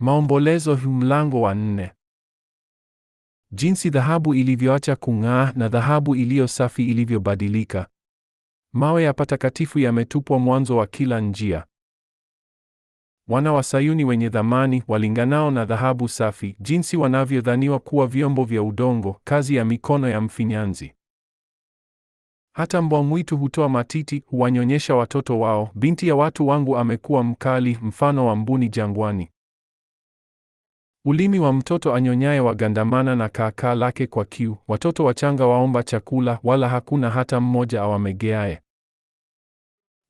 Maombolezo, mlango wa nne. Jinsi dhahabu ilivyoacha kung'aa na dhahabu iliyo safi ilivyobadilika. Mawe ya patakatifu yametupwa mwanzo wa kila njia. Wana wa Sayuni wenye dhamani walinganao na dhahabu safi, jinsi wanavyodhaniwa kuwa vyombo vya udongo, kazi ya mikono ya mfinyanzi. Hata mbwa mwitu hutoa matiti, huwanyonyesha watoto wao. Binti ya watu wangu amekuwa mkali, mfano wa mbuni jangwani. Ulimi wa mtoto anyonyaye wagandamana na kaakaa lake kwa kiu. Watoto wachanga waomba chakula, wala hakuna hata mmoja awamegeaye.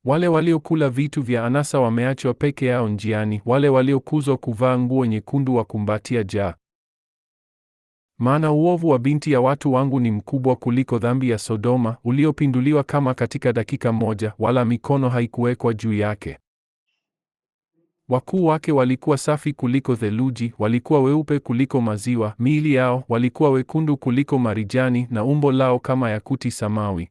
Wale waliokula vitu vya anasa wameachwa peke yao njiani, wale waliokuzwa kuvaa nguo nyekundu wakumbatia jaa. Maana uovu wa binti ya watu wangu ni mkubwa kuliko dhambi ya Sodoma, uliopinduliwa kama katika dakika moja, wala mikono haikuwekwa juu yake. Wakuu wake walikuwa safi kuliko theluji, walikuwa weupe kuliko maziwa, miili yao walikuwa wekundu kuliko marijani, na umbo lao kama yakuti samawi.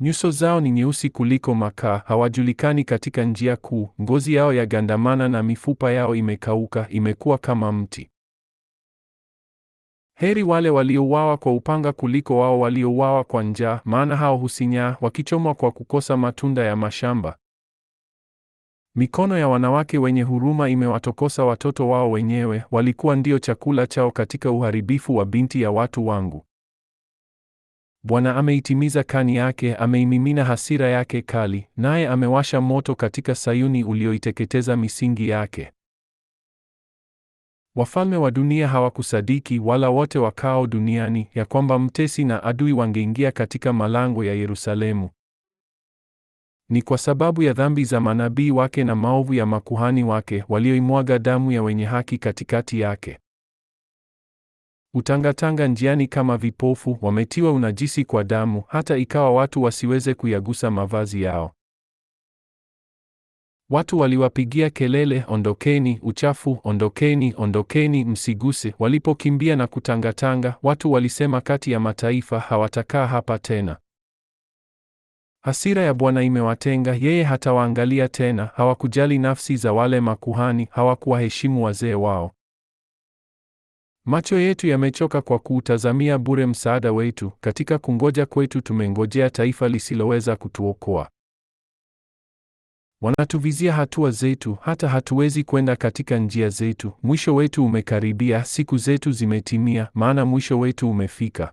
Nyuso zao ni nyeusi kuliko makaa, hawajulikani katika njia kuu. Ngozi yao yagandamana na mifupa yao imekauka, imekuwa kama mti. Heri wale waliouawa kwa upanga kuliko wao waliouawa kwa njaa, maana hao husinyaa wakichomwa kwa kukosa matunda ya mashamba. Mikono ya wanawake wenye huruma imewatokosa watoto wao wenyewe, walikuwa ndio chakula chao katika uharibifu wa binti ya watu wangu. Bwana ameitimiza kani yake, ameimimina hasira yake kali, naye amewasha moto katika Sayuni ulioiteketeza misingi yake. Wafalme wa dunia hawakusadiki wala wote wakao duniani ya kwamba mtesi na adui wangeingia katika malango ya Yerusalemu. Ni kwa sababu ya dhambi za manabii wake na maovu ya makuhani wake walioimwaga damu ya wenye haki katikati yake. Utangatanga njiani kama vipofu, wametiwa unajisi kwa damu, hata ikawa watu wasiweze kuyagusa mavazi yao. Watu waliwapigia kelele, ondokeni uchafu, ondokeni, ondokeni, msiguse. Walipokimbia na kutangatanga, watu walisema kati ya mataifa, hawatakaa hapa tena. Hasira ya Bwana imewatenga, yeye hatawaangalia tena. Hawakujali nafsi za wale makuhani, hawakuwaheshimu wazee wao. Macho yetu yamechoka kwa kuutazamia bure msaada wetu. Katika kungoja kwetu tumengojea taifa lisiloweza kutuokoa. Wanatuvizia hatua zetu, hata hatuwezi kwenda katika njia zetu. Mwisho wetu umekaribia, siku zetu zimetimia, maana mwisho wetu umefika.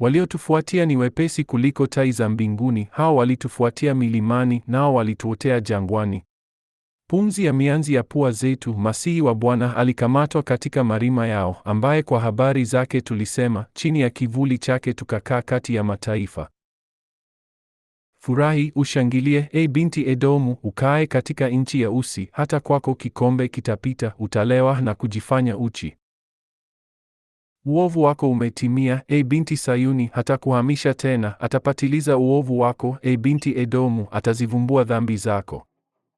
Waliotufuatia ni wepesi kuliko tai za mbinguni, hao walitufuatia milimani, nao walituotea jangwani. Pumzi ya mianzi ya pua zetu, Masihi wa Bwana alikamatwa katika marima yao, ambaye kwa habari zake tulisema, chini ya kivuli chake tukakaa kati ya mataifa. Furahi, ushangilie, e binti Edomu, ukae katika nchi ya Usi, hata kwako kikombe kitapita, utalewa na kujifanya uchi. Uovu wako umetimia, e binti Sayuni, hatakuhamisha tena, atapatiliza uovu wako, e binti Edomu, atazivumbua dhambi zako.